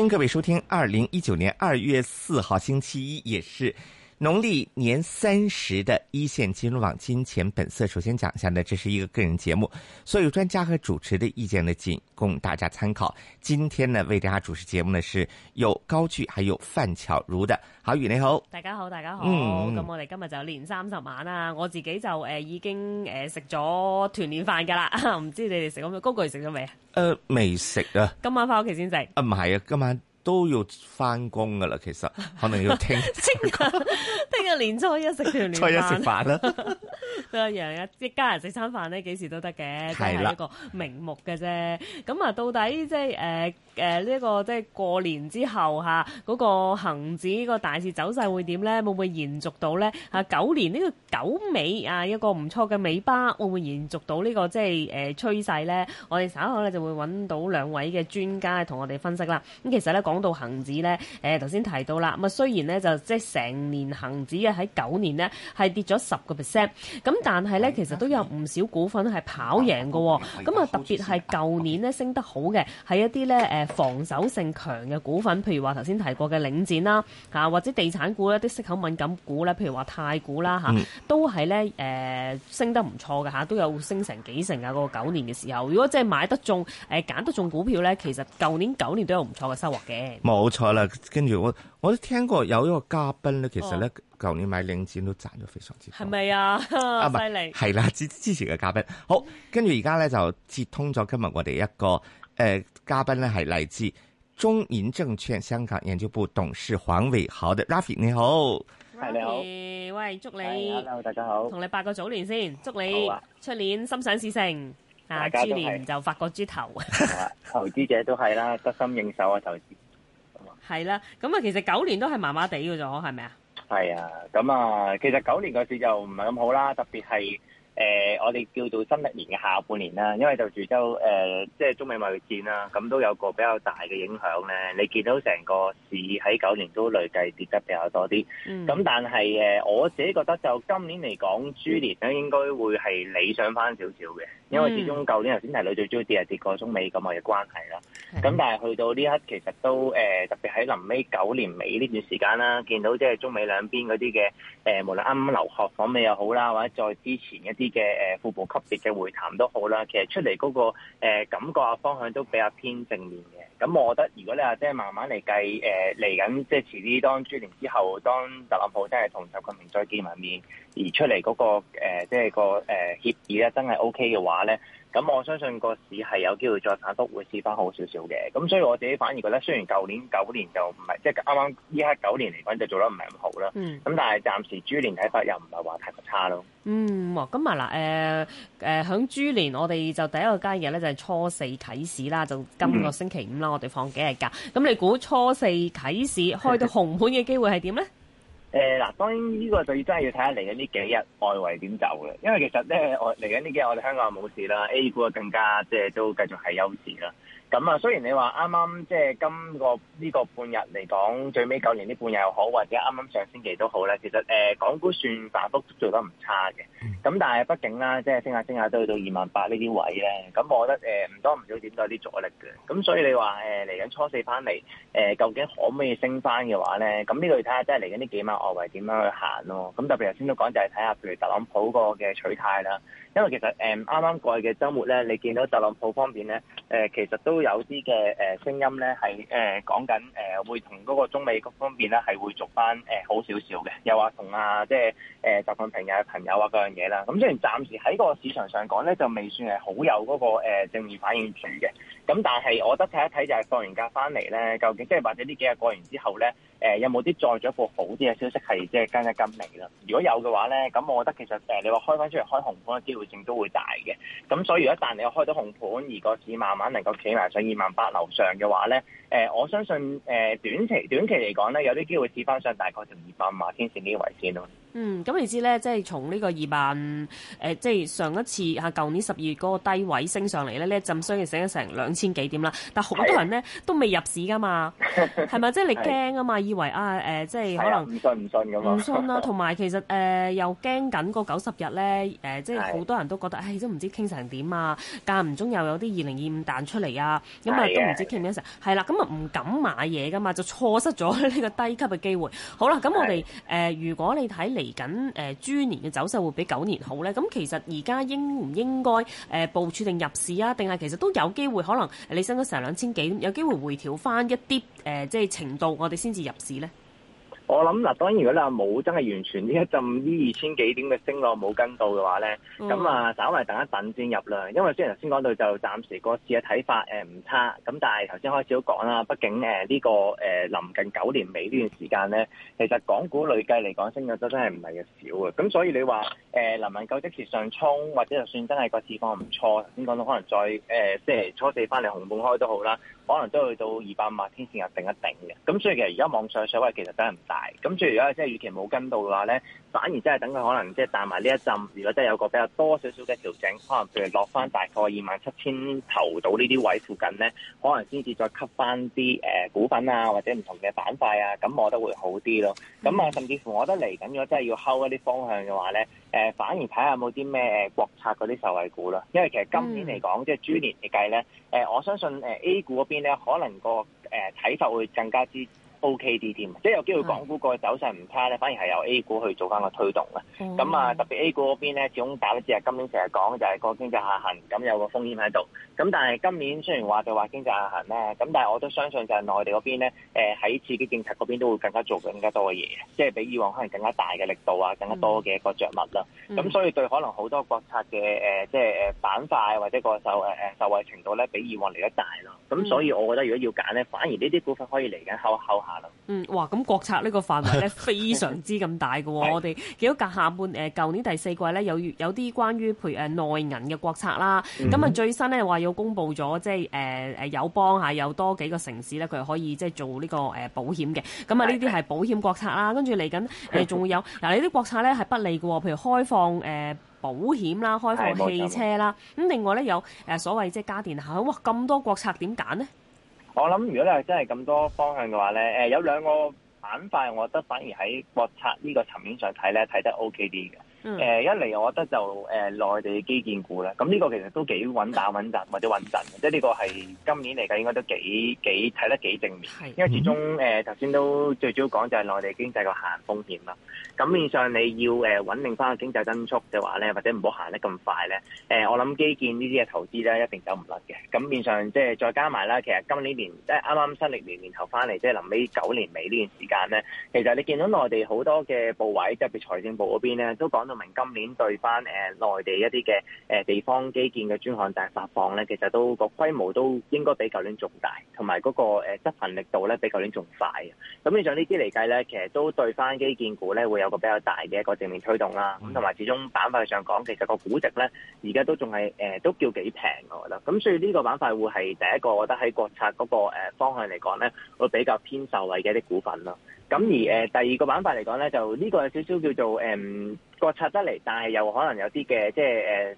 歡迎各位收聽，二零一九年二月四號星期一，也是，農曆年三十的一線金融網金錢本色，首先講一下呢，這是一個個人節目，所有專家和主持的意見呢，僅供大家參考。今天呢，為大家主持節目呢，是有高聚還有范巧如的。好，宇你好，大家好，大家好。咁、嗯、我哋今日就年三十晚啦，我自己就誒已經誒食咗團年飯噶啦，唔知你哋食咗未？高聚食咗未啊？今吃呃，未食啊。今晚翻屋企先食。啊，唔係啊，今晚都要翻工噶啦，其實可能要聽聽日，聽日 天 年初一食 團年飯啦。 都一樣啊！一 家人食餐飯咧，幾時都得嘅，都係一個名目嘅啫。咁啊的，到底即係誒誒呢個即係過年之後嚇嗰、啊那個恆指個大市走勢會點咧？會唔會延續到咧？嚇九年呢個九尾啊，一個唔錯嘅尾巴，會唔會延續到呢、啊年這個即係誒趨勢咧？我哋稍後咧就會揾到兩位嘅專家同我哋分析啦。咁其實咧講到恒指咧，誒頭先提到啦，咁啊雖然咧就即係成年恒指啊喺九年咧係跌咗十個 percent。咁但係咧，其實都有唔少股份係跑贏喎。咁啊特別係舊年咧升得好嘅，係一啲咧防守性強嘅股份，譬如話頭先提過嘅領展啦，或者地產股一啲息口敏感股咧，譬如話太古啦都係咧升得唔錯㗎。嗯、都有升成幾成啊！嗰、嗰個九年嘅時候，如果即係買得中揀得中股票咧，其實舊年九年都有唔錯嘅收穫嘅。冇錯啦，跟住我。我都聽過有一個嘉賓咧，其實咧，舊、哦、年買領展都賺咗非常之多。係咪啊？哦、啊，犀利害！係啦，之之前嘅嘉賓。好，跟住而家咧就接通咗今日我哋一個誒、呃、嘉賓咧，係嚟自中銀證券香港研究部董事黃偉豪嘅 Rafie，你好。喂你好，喂，祝你。哎、大家好。同你拜個早年先，祝你出、啊、年心想事成。啊，豬年就發個豬頭。啊、投資者都係啦， 得心應手啊，投資。係啦，咁啊，其實九年都係麻麻地嘅啫，係咪啊？係啊，咁啊，其實九年個市就唔係咁好啦，特別係誒、呃、我哋叫做新一年嘅下半年啦，因為就住洲，誒即係中美貿易戰啦，咁都有個比較大嘅影響咧。你見到成個市喺九年都累計跌得比較多啲，咁、嗯、但係誒我自己覺得就今年嚟講，豬年咧應該會係理想翻少少嘅，因為始終舊年頭先係最最多跌係跌過中美咁嘅關係啦。咁但係去到呢刻，其實都誒，特別喺臨尾九年尾呢段時間啦，見到即係中美兩邊嗰啲嘅誒，無論啱啱劉鶴訪美又好啦，或者再之前一啲嘅誒副部級別嘅會談都好啦，其實出嚟嗰個感覺啊方向都比較偏正面嘅。咁我覺得，如果你話即係慢慢嚟計誒，嚟緊即係遲啲當豬年之後，當特朗普真係同習近平再見埋面，而出嚟嗰、那個即係、就是、個誒協議咧、OK，真係 O K 嘅話咧。咁我相信個市係有機會再反覆，都會試翻好少少嘅。咁所以我自己反而覺得，雖然舊年九年就唔係即係啱啱依家九年嚟講就做得唔係咁好啦。咁、嗯、但係暫時豬年睇法又唔係話太過差咯。嗯，咁啊嗱，誒誒，響、呃、豬、呃、年我哋就第一個交易日咧就係初四啟市啦，就今個星期五啦，嗯、我哋放幾日假。咁你估初四啟市開到紅盤嘅機會係點咧？ 誒，嗱、呃，當然呢個就真的要真係要睇下嚟緊呢幾日外圍點走嘅，因為其實咧，我嚟緊呢幾日我哋香港冇事啦，A 股啊更加即係都繼續係休市啦。咁啊，雖然你話啱啱即係今個呢個半日嚟講，最尾九年呢半日又好，或者啱啱上星期都好咧，其實港股算反覆做得唔差嘅。咁但係畢竟啦，即係升下升下都去到二萬八呢啲位咧，咁我覺得唔多唔少點都有啲阻力嘅。咁所以你話嚟緊初四翻嚟，究竟可唔可以升翻嘅話咧？咁呢度睇下即係嚟緊呢幾晚外圍點樣去行咯。咁特別頭先都講就係睇下譬如特朗普個嘅取態啦。因為其實啱啱過去嘅周末咧，你見到特朗普方面咧，其實都都有啲嘅誒聲音咧，係誒講緊誒會同嗰個中美各方面咧，係會續翻誒好少少嘅。又話同啊，即係誒習近平嘅朋友啊嗰樣嘢啦。咁、嗯、雖然暫時喺個市場上講咧，就未算係好有嗰、那個、呃、正面反應住嘅。咁、嗯、但係我覺得睇一睇就係放完假翻嚟咧，究竟即係或者呢幾日過完之後咧，誒、呃、有冇啲再咗副好啲嘅消息係即係跟一跟嚟啦？如果有嘅話咧，咁我覺得其實誒你話開翻出嚟開紅盤嘅機會性都會大嘅。咁所以一旦你開到紅盤，而個市慢慢能夠企埋。上二萬八樓上嘅話咧，誒，我相信誒，短期短期嚟講咧，有啲機會試翻上大概就二百五碼天線呢個位線咯。嗯，咁你知咧，即係從呢個二萬、呃、即係上一次嚇舊年十二月嗰個低位升上嚟咧，咧震衰嘅咗成兩千幾點啦。但係好多人咧對 都未入市噶嘛，係咪？ 即係你驚啊嘛，以為啊、呃、即係可能唔信唔信咁啊，唔信啦。同埋其實誒又驚緊個九十日咧誒，即係好多人都覺得誒都唔知傾成點啊。間唔中又有啲二零二五彈出嚟啊，咁啊都唔知傾咩成。係對 啦，咁啊唔敢買嘢噶嘛，就錯失咗呢個低級嘅機會。好啦，咁我哋對、呃、如果你睇嚟緊誒，豬年嘅走勢會比九年好咧。咁其實而家應唔應該誒部署定入市啊？定係其實都有機會，可能你升咗成兩千幾，有機會回調翻一啲誒，即係程度，我哋先至入市咧。我諗嗱，當然如果你話冇真係完全呢一浸呢二千幾點嘅升浪冇跟到嘅話咧，咁啊、mm，hmm. 稍為等一等先入啦。因為雖然頭先講到就暫時個市嘅睇法唔差，咁但係頭先開始都講啦，畢竟呢個誒臨近九年尾呢段時間咧，其實港股累計嚟講升嘅都真係唔係咁少嘅。咁所以你話誒能唔能夠即時上衝，或者就算真係個市況唔錯，先講到可能再誒即係初四翻嚟紅盤開都好啦。可能都去到二百五十天線啊定一頂嘅，咁所以其實而家網上嘅水位，其實真係唔大，咁所以而家即係預期冇跟到嘅話咧。反而真係等佢可能即係彈埋呢一陣，如果真係有個比較多少少嘅調整，可能譬如落翻大概二萬七千頭到呢啲位附近咧，可能先至再吸翻啲誒股份啊，或者唔同嘅板塊啊，咁我覺得會好啲咯。咁啊，甚至乎我覺得嚟緊咗真係要睺一啲方向嘅話咧、呃，反而睇下有冇啲咩誒國策嗰啲受惠股咯。因為其實今年嚟講，即係豬年嚟計咧、呃，我相信 A 股嗰邊咧，可能個誒睇法會更加之。O K 啲添，即係有機會港股個走勢唔差咧，的反而係由 A 股去做翻個推動啦，咁的啊，特別 A 股嗰邊咧，始終打咗字係今年成日講就係個經濟下行，咁有個風險喺度。咁但係今年雖然話就話經濟下行啦，咁但係我都相信就係內地嗰邊咧，喺刺激政策嗰邊都會更加做更加多嘅嘢，即係比以往可能更加大嘅力度啊，更加多嘅一個著墨啦。咁的所以對可能好多國策嘅、呃、即係板塊或者個受、呃、受惠程度咧，比以往嚟得大咯。咁所以我覺得如果要揀咧，反而呢啲股份可以嚟緊後後，後。嗯，哇！咁國策呢個範圍咧非常之咁大嘅喎、哦， 我哋幾到隔下半舊、呃、年第四季咧有有啲關於譬如誒內銀嘅國策啦，咁啊、嗯、最新咧話要公布咗即係誒誒友邦下、啊、有多幾個城市咧佢可以即係做呢、呢個誒、呃、保險嘅，咁啊呢啲係保險國策啦，跟住嚟緊仲有嗱啲、呃、國策咧係不利嘅喎、哦，譬如開放誒、呃、保險啦、開放汽車啦，咁另外咧有、呃、所謂即係家電下，哇咁多國策點揀呢？我諗，如果你真係咁多方向嘅話咧，誒，有兩個板塊，我覺得反而喺國策呢個層面上睇咧，睇得 OK 啲嘅。誒、mm. 呃、一嚟，我覺得就誒、呃、內地基建股咧，咁呢個其實都幾穩打穩陣或者穩陣，即係呢個係今年嚟講應該都幾幾睇得幾正面，mm. 因為始終誒頭先都最主要講就係內地經濟個行風險啦。咁面上你要誒、呃、穩定翻個經濟增速嘅話咧，或者唔好行得咁快咧，誒、呃、我諗基建呢啲嘅投資咧，一定走唔甩嘅。咁面上即係再加埋啦，其實今年年即係啱啱新歷年年頭翻嚟，即係臨尾九年尾呢段時間咧，其實你見到內地好多嘅部位，即譬如財政部嗰邊咧都講。證明今年對翻誒內地一啲嘅誒地方基建嘅專項債發放咧，其實都個規模都應該比舊年仲大，同埋嗰個誒執行力度咧比舊年仲快。咁以上呢啲嚟計咧，其實都對翻基建股咧會有個比較大嘅一個正面推動啦。咁同埋始終板塊上講，其實個估值咧而家都仲係誒都叫幾平我覺得。咁所以呢個板塊會係第一個，我覺得喺國策嗰個誒方向嚟講咧，會比較偏受惠嘅一啲股份咯。咁而誒、呃、第二個板塊嚟講咧，就呢個有少少叫做嗯、呃，國策得嚟，但係又可能有啲嘅即係誒、呃、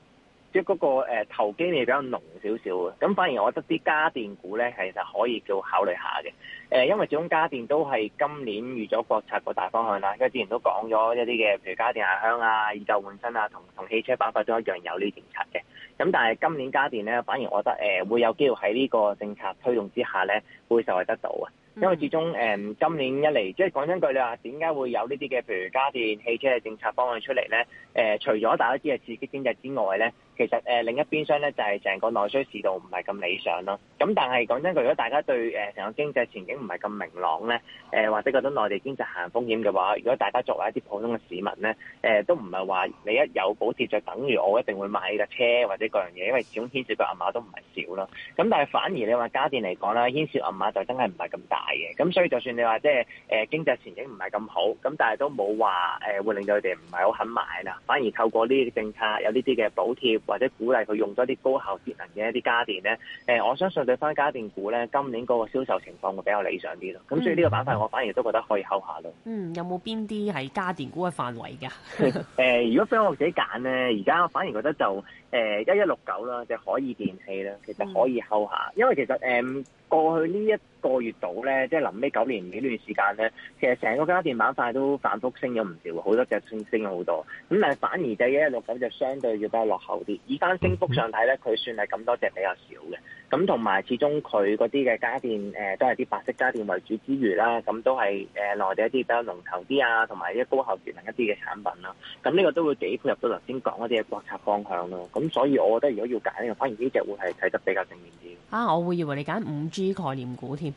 即係、那、嗰個誒投機意味比較濃少少嘅。咁反而我覺得啲家電股咧係其實可以叫考慮下嘅。誒、呃，因為始終家電都係今年預咗國策個大方向啦。因為之前都講咗一啲嘅，譬如家電下鄉啊、以舊換新啊，同同汽車板塊都一樣有呢啲政策嘅。咁但係今年家電咧，反而我覺得誒、呃、會有機會喺呢個政策推動之下咧，會受惠得到啊。嗯、因為始終誒、嗯、今年一嚟，即係講真句，你話點解會有呢啲嘅，譬如家電、汽車嘅政策方案出嚟咧？誒、呃，除咗大家知嘅刺激經濟之外咧？其實誒另一邊廂咧，就係成個內需市道唔係咁理想咯。咁但係講真，如果大家對誒成個經濟前景唔係咁明朗咧，誒或者覺得內地經濟行風險嘅話，如果大家作為一啲普通嘅市民咧，誒都唔係話你一有補貼就等於我一定會買架車或者各樣嘢，因為始終牽涉個銀碼都唔係少咯。咁但係反而你話家電嚟講啦，牽涉銀碼就真係唔係咁大嘅。咁所以就算你話即係誒經濟前景唔係咁好，咁但係都冇話誒會令到佢哋唔係好肯買啦。反而透過呢啲政策有呢啲嘅補貼。或者鼓勵佢用多啲高效節能嘅一啲家電咧，誒、呃，我相信對翻家電股咧，今年嗰個銷售情況會比較理想啲咯。咁所以呢個板塊我反而都覺得可以 hold 下咯。嗯，有冇邊啲係家電股嘅範圍㗎？誒、 呃，如果俾我自己揀咧，而家我反而覺得就誒一一六九啦，即係、海爾電器啦，其實可以 hold 下，因為其實誒。呃過去呢一個月度咧，即係臨尾九年幾段時間咧，其實成個家電板塊都反覆升咗唔少，好多隻升升咗好多。咁但係反而第一六九就相對要比較落後啲。以單升幅上睇咧，佢算係咁多隻比較少嘅。咁同埋始終佢嗰啲嘅家電誒都係啲白色家電為主之餘啦，咁都係誒內地一啲比較龍頭啲啊，同埋一啲高效節能一啲嘅產品啦。咁呢個都會幾配合到頭先講一啲嘅國策方向咯。咁所以我覺得如果要揀呢個，反而呢隻會係睇得比較正面啲。啊，我會以為你揀五 G 啲概念股添，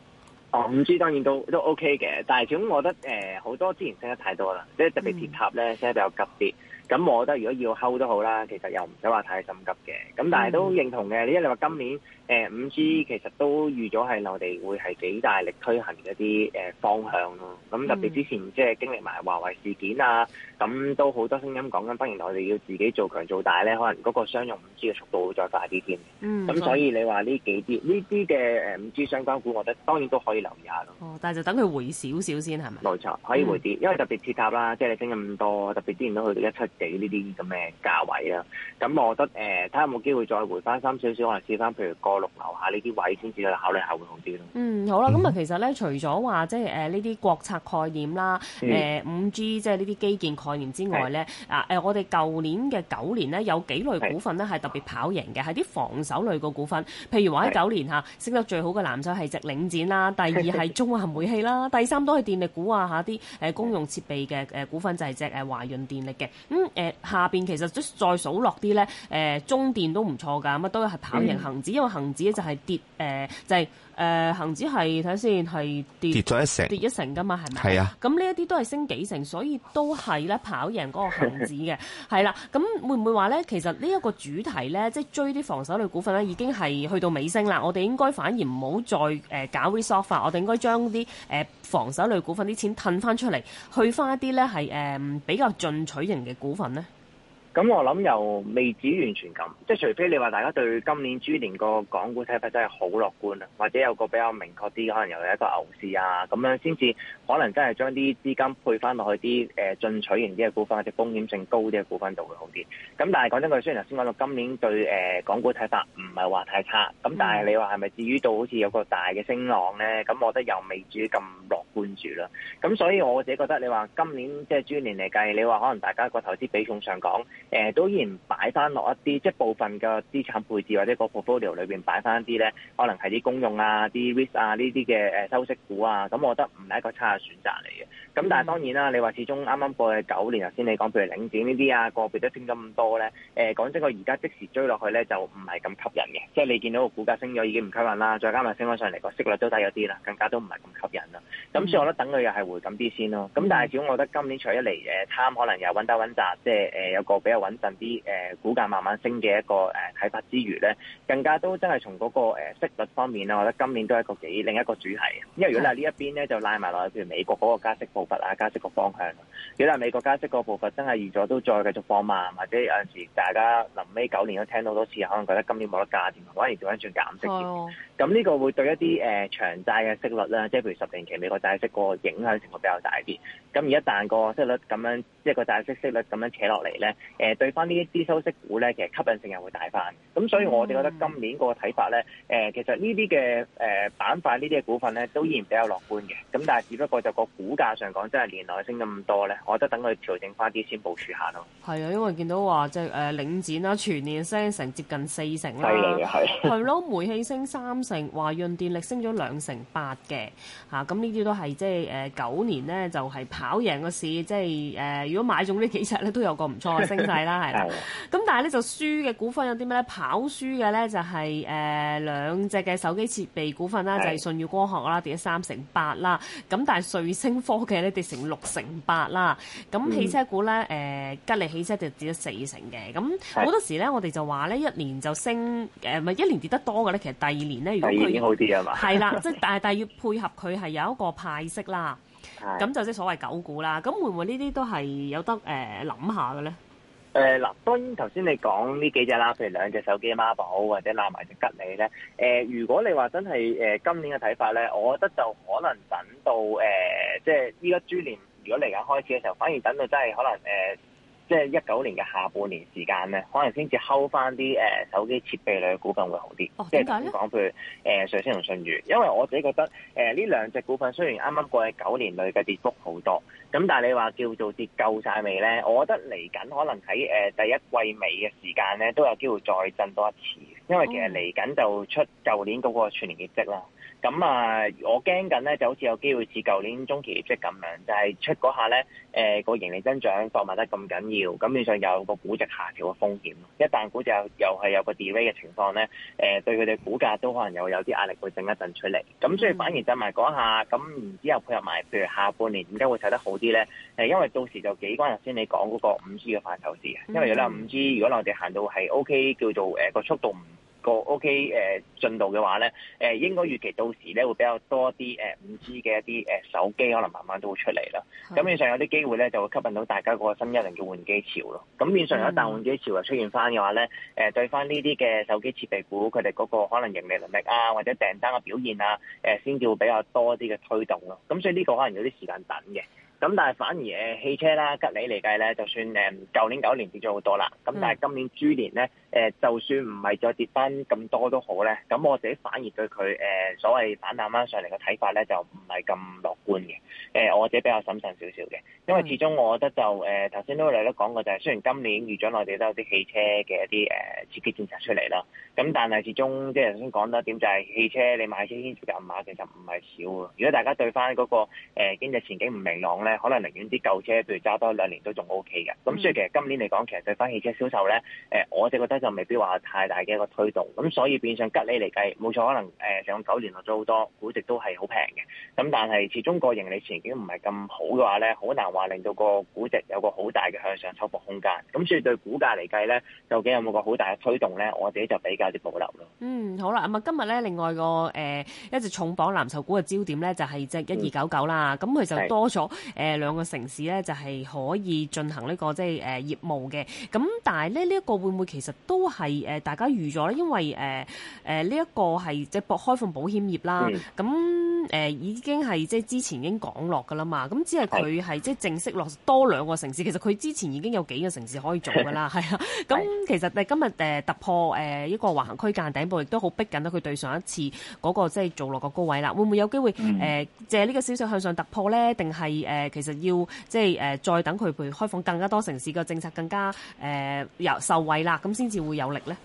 哦五 G 當然都都 OK 嘅，但係總我覺得誒，好、呃、多之前升得太多啦，即係特別鐵塔咧升得比較急啲。咁、嗯、我覺得如果要 hold 都好啦，其實又唔使話太心急嘅，咁但係都認同嘅，嗯、你因為你話今年。誒五 G 其實都預咗係我哋會係幾大力推行嗰啲方向咯，咁特別之前即係經歷埋華為事件啊，咁都好多聲音講緊，不然我哋要自己做強做大咧，可能嗰個商用五 G 嘅速度會再快啲添。嗯，咁所以你話呢幾啲呢啲嘅誒五 G 相關股，我覺得當然都可以留意下咯、嗯。嗯、下哦，但係就等佢回少少先係咪？冇錯，可以回啲，嗯、因為特別鐵塔啦，即係你升咁多，特別之前都去到一七幾呢啲咁嘅價位啦。咁我覺得誒，睇下、呃、有冇機會再回翻三少少，可能試翻譬如六樓下呢啲位先至去考慮下會好啲咯。嗯，好啦，咁啊，其實咧，除咗話即係誒呢啲國策概念啦，誒五 G 即係呢啲基建概念之外咧，的啊我哋舊年嘅九年呢，有幾類股份呢係特別跑贏嘅，係啲防守類嘅股份。譬如話喺九年下，升得最好嘅藍籌係隻領展啦，第二係中華煤氣啦，第三都係電力股啊下啲公用設備嘅股份就係隻誒華潤電力嘅。咁、嗯啊、下邊其實再數落啲咧，誒中電都唔錯㗎，乜都係跑贏恒指，因為恒。恒指就係跌，誒、呃，就係、是、誒、呃，恒指係睇下先，係跌跌咗一成，跌一成噶嘛，係咪？係是啊，咁呢一啲都係升幾成，所以都係咧跑贏嗰個恒指嘅，係啦。 咁會唔會話咧？其實呢一個主題咧，即、就、係、是、追啲防守類股份咧，已經係去到尾聲啦。我哋應該反而唔好再誒、呃、搞 research 我哋應該將啲誒防守類股份啲錢褪翻出嚟，去翻一啲咧係誒比較進取型嘅股份咧。咁我諗又未至於完全咁，即係除非你話大家對今年豬年個港股睇法真係好樂觀啊，或者有個比較明確啲，可能又有一個牛市啊，咁樣先至可能真係將啲資金配翻落去啲誒進取型啲嘅股份或者風險性高啲嘅股份度會好啲。咁但係講真句，雖然頭先講到今年對誒港股睇法唔係話太差，咁但係你話係咪至於到好似有個大嘅升浪咧？咁我覺得又未至於咁樂觀住啦。咁所以我自己覺得你話今年即係豬年嚟計，你話可能大家個投資比重上講，誒、呃、都依然擺翻落一啲，即部分嘅資產配置或者個 portfolio 裏邊擺翻一啲咧，可能係啲公用啊、啲 risk 啊呢啲嘅收息股啊，咁我覺得唔係一個差嘅選擇嚟嘅。咁但係當然啦，你話始終啱啱過去九年頭先、嗯、你講，譬如領展呢啲啊，個別都升咁多咧，呃。講真，我而家即時追落去咧就唔係咁吸引嘅，即係你見到個股價升咗已經唔吸引啦，再加埋升翻上嚟個息率都低咗啲啦，更加都唔係咁吸引啦。咁所以我覺得等佢又係回緊啲先咯。咁但係始終我覺得今年除咗嚟誒貪可能又揾得揾砸，即係有個比較。穩陣啲，誒股價慢慢升嘅一個誒睇法之餘咧，更加都真係從嗰個誒息率方面咧，我覺得今年都係一個幾另一個主題。因為如果嗱呢一邊咧就拉埋落去，譬如美國嗰個加息步伐啊、加息個方向。如果嗱美國加息個步伐真係預咗都再繼續放慢，或者有陣時大家臨尾九年都聽到多次，可能覺得今年冇得價錢，反而做翻轉減息。咁呢個會對一啲誒長債嘅息率咧，即係譬如十年期美國債息個影響程度比較大啲。咁而一旦個息率咁樣，即係個債息息率咁樣扯落嚟咧，誒對翻呢一啲收息股咧，其實吸引性又會大翻。咁所以我哋覺得今年個睇法咧，誒其實呢啲嘅誒板塊、呢啲嘅股份咧，都依然比較樂觀嘅。咁但係只不過就個股價上講，真係年內升咁多咧，我覺得等佢調整翻啲先部署下咯。係啊，因為見到話即係誒、呃、領展啦，全年升成接近四成啦，係係係咯，煤氣升三成，華潤電力升咗兩成八嘅咁、啊呃、呢啲都係即係誒九年咧就係、是、跑贏個市，即係、呃、如果買中呢幾隻咧都有個唔錯嘅升勢。 係啦，係啦。咁的但係咧，就輸嘅股份有啲咩咧？跑輸嘅咧就係、是、誒、呃、兩隻嘅手機設備股份啦，的就係舜宇光學啦，跌咗三成八啦。咁但係瑞聲科技咧跌成六成八啦。咁汽車股咧誒、嗯呃、吉利汽車就跌咗四成嘅。咁好多時咧，的我哋就話咧一年就升誒，唔係、呃、一年跌得多嘅咧。其實第二年咧，如果佢好啲係啦，即係的 但係但係要配合佢係有一個派息啦，咁的就即係所謂狗股啦。咁會唔會呢啲都係有得誒諗、呃、下嘅咧？誒嗱、呃，當然頭先你講呢幾隻啦，譬如兩隻手機、孖寶或者攬埋隻吉利咧。誒、呃，如果你話真係誒、呃、今年嘅睇法咧，我覺得就可能等到誒、呃，即係依家豬年如果嚟緊開,開始嘅時候，反而等到真係可能誒。呃即係一九年嘅下半年時間咧，可能先至睺翻啲誒手機設備類嘅股份會好啲。哦，點解咧？講譬如誒瑞、呃、聲同舜宇，因為我自己覺得誒呢、呃、兩隻股份雖然啱啱過去九年類嘅跌幅好多，咁但係你話叫做跌夠晒未咧？我覺得嚟緊可能喺誒、呃、第一季尾嘅時間咧，都有機會再震多一次，因為其實嚟緊就出舊、哦、年嗰個全年業績啦。咁啊，我驚緊咧，就好似有機會似舊年中期業績咁樣，就係、是、出嗰下咧，誒、呃個盈利增長放慢得咁緊要，咁面上有個估值下調嘅風險。一旦估值又係有個 delay 嘅情況咧，誒、呃、對佢哋股價都可能又有啲壓力會震一陣出嚟。咁所以反而就埋講下，咁然之後配合埋，譬如下半年點解會睇得好啲咧？因為到時就幾關頭先你講嗰個五 G 嘅發手事，因為如果有五 G 如果我哋行到係 OK，叫做、呃個速度唔。個 OK 誒進度嘅話咧，誒應該預期到時咧會比較多啲誒 5G 嘅一啲誒手機，可能慢慢都會出嚟啦。咁面上有啲機會咧，就會吸引到大家個新一輪嘅換機潮咯。咁面上有一旦換機潮又出現翻嘅話咧，誒對翻呢啲嘅手機設備股，佢哋嗰個可能盈利能力啊，或者訂單嘅表現啊，誒先至會比較多啲嘅推動咯。咁所以呢個可能有啲時間等嘅。咁但係反而汽車啦，吉利嚟計咧，就算誒舊年九年跌咗好多啦，咁但係今年豬年咧就算唔係再跌翻咁多都好咧，咁我自己反而對佢誒所謂反彈翻上嚟嘅睇法咧，就唔係咁樂觀嘅。誒，我自己比較審慎少少嘅，因為始終我覺得就誒頭先都嚟都講過，就係，雖然今年預咗內地都有啲汽車嘅一啲誒刺激政策出嚟啦，咁但係始終即係頭先講得點就係汽車你買車牽涉嘅銀碼其實唔係少嘅。如果大家對翻嗰個經濟前景唔明朗。咧可能寧願啲舊車，譬如揸多兩年都仲 O K 嘅，咁所以其實今年嚟講，其實對翻汽車銷售咧，誒，我哋覺得就未必話太大嘅一個推動，咁所以變相吉利嚟計冇錯，可能誒、呃、上九年落咗好多，估值都係好平嘅，咁但係始終個盈利前景唔係咁好嘅話咧，好難話令到個估值有個好大嘅向上抽幅空間，咁所以對股價嚟計咧，究竟有冇個好大嘅推動咧，我自己就比較啲保留咯。嗯，好啦，咁啊今日咧，另外一個誒、呃、一隻重磅藍籌股嘅焦點咧，就係隻一二九九啦，咁佢、嗯、就多咗。誒、呃、兩個城市咧就係、是、可以進行呢、這個即係誒、呃、業務嘅，咁但係咧呢一、這個會唔會其實都係誒、呃、大家預咗咧？因為誒呢一個係即係博開放保險業啦，咁誒、嗯呃、已經係即係之前已經講落㗎啦嘛，咁只係佢係即係正式落多兩個城市，其實佢之前已經有幾個城市可以做㗎啦，係啊、嗯，咁其實今日、呃、突破誒、呃、一個橫行區間頂部，亦都好逼緊啦，佢對上一次嗰、那個即係做落個高位啦，會唔會有機會誒、嗯呃、借呢個消息向上突破咧？定係其實要即係誒、呃，再等佢譬如開放更加多城市嘅政策，更加誒有、呃、受惠啦，咁先至會有力咧。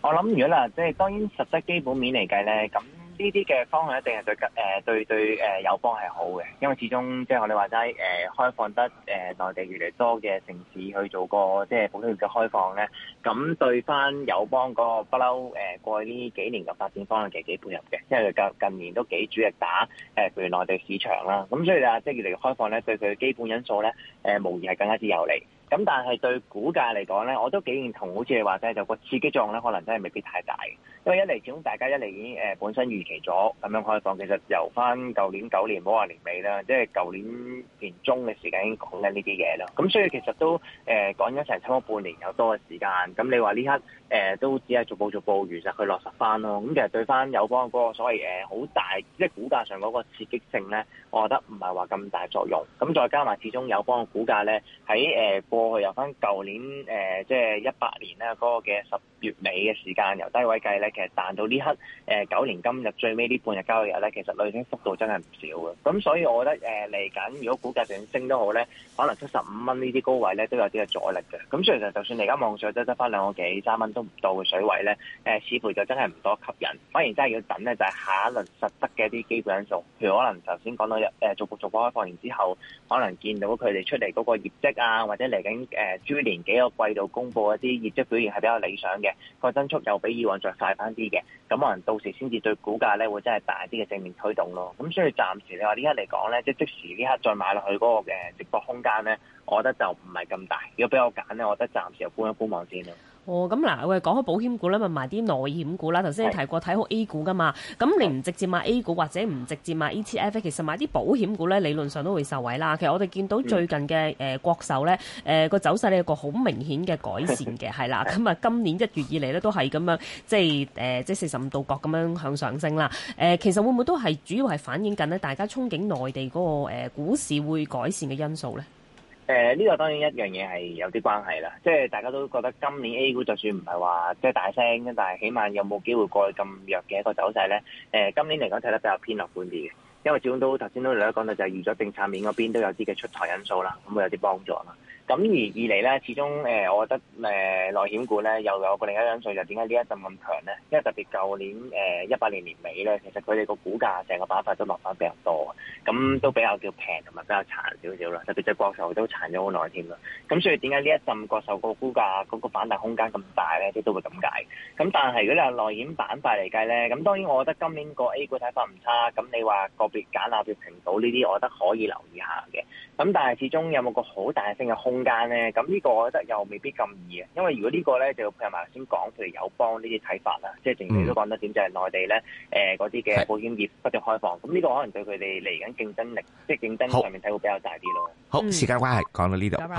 我諗如果嗱，即係當然實質基本面嚟計咧，咁。呢啲嘅方向一定係對吉，誒對、對誒友邦係好嘅，因為始終即係我哋話齋誒開放得誒內地越嚟越多嘅城市去做個即係普通嘅開放咧，咁對翻友邦嗰個不嬲誒過去呢幾年嘅發展方向其實幾配合嘅，即係近近年都幾主力打誒譬如內地市場啦。咁所以啊，即係越嚟越開放咧，對佢嘅基本因素咧誒，無疑係更加之有利。咁但係對股價嚟講咧，我都幾認同，好似你話齋，就個刺激作用咧，可能真係未必太大，因為一嚟，始終大家一嚟已經誒、呃、本身預期咗咁樣開放，其實由翻舊年九年，冇話話年尾啦，即係舊年年中嘅時間已經講緊呢啲嘢啦。咁所以其實都誒講咗成差唔多半年有多嘅時間。咁你話呢刻？誒都只係逐步逐步，其實去落實翻咯。咁其實對翻友邦嗰個所謂誒好大，即係股價上嗰個刺激性咧，我覺得唔係話咁大作用。咁再加埋始終友邦嘅股價咧，喺誒過去又翻舊年誒即係一八年咧嗰個嘅十月尾嘅時間，由低位計咧，其實彈到呢刻九、呃、年今日最尾呢半日交易日咧，其實累升幅度真係唔少嘅。咁所以我覺得誒嚟緊，如果股價上升都好咧，可能七十五蚊呢啲高位咧都有啲嘅阻力嘅。咁所以就就算你而家望上都得翻兩個幾三蚊都。唔到嘅水位咧，似乎就真係唔多吸引，反而真係要等咧，就係下一輪實質嘅一啲基本因素，譬如可能頭先講到誒、呃、逐步逐步開放完之後，可能見到佢哋出嚟嗰個業績啊，或者嚟緊誒豬年幾個季度公佈一啲業績表現係比較理想嘅，個增速又比以往再快翻啲嘅，咁可能到時先至對股價咧會真係大啲嘅正面推動咯。咁所以暫時你話呢一刻嚟講咧，即、就、係、是、即時呢一刻再買落去嗰個誒直播空間咧，我覺得就唔係咁大。如果俾我揀咧，我覺得暫時又觀一觀望先咯。哦，咁嗱，我哋講開保險股啦，問埋啲內險股啦。頭先你提過睇好 A 股噶嘛，咁你唔直接買 A 股或者唔直接買 ETF，其實買啲保險股咧，理論上都會受惠啦。其實我哋見到最近嘅誒、呃、國壽咧，誒、呃、個走勢咧有個好明顯嘅改善嘅，係啦。咁啊，今年一月以嚟咧都係咁樣，即係誒、呃、即係四十五度角咁樣向上升啦。誒、呃，其實會唔會都係主要係反映緊大家憧憬內地嗰、那個、呃、股市會改善嘅因素咧？誒呢、呃這個當然一樣嘢係有啲關係啦，即係大家都覺得今年 A 股就算唔係話即係大升，但係起碼有冇機會過去咁弱嘅一個走勢咧？誒、呃，今年嚟講睇得比較偏樂觀啲嘅，因為始終都頭先都兩位講到就係預咗政策面嗰邊都有啲嘅出台因素啦，咁會有啲幫助啦。咁而二嚟咧，始終誒，我覺得誒內險股咧，又有個另一因素就點解呢一陣咁強咧？因為特別舊年誒一八年年尾咧，其實佢哋個股價成個板塊都落翻比較多，咁都比較叫平同埋比較殘少少啦，特別隻國壽都殘咗好耐添啦。咁所以點解呢一陣國壽個股價嗰個反彈空間咁大咧？都都會咁解。咁但係如果你話內險板塊嚟計咧，咁當然我覺得今年個 A 股睇法唔差，咁你話個別揀特別平保呢啲，我覺得可以留意下嘅。咁但係始終有冇個好大升嘅空.空間咧，咁呢個我覺得又未必咁易嘅，因為如果這個呢個咧就譬如配合頭先講，譬如友邦呢啲睇法啦，即係靜你都講得點就係內地咧，誒嗰啲嘅保險業繼續開放，咁呢是個可能對佢哋嚟緊競爭力，好即係競爭上面睇會比較大啲咯。好，嗯，時間關係講到呢度。拜拜。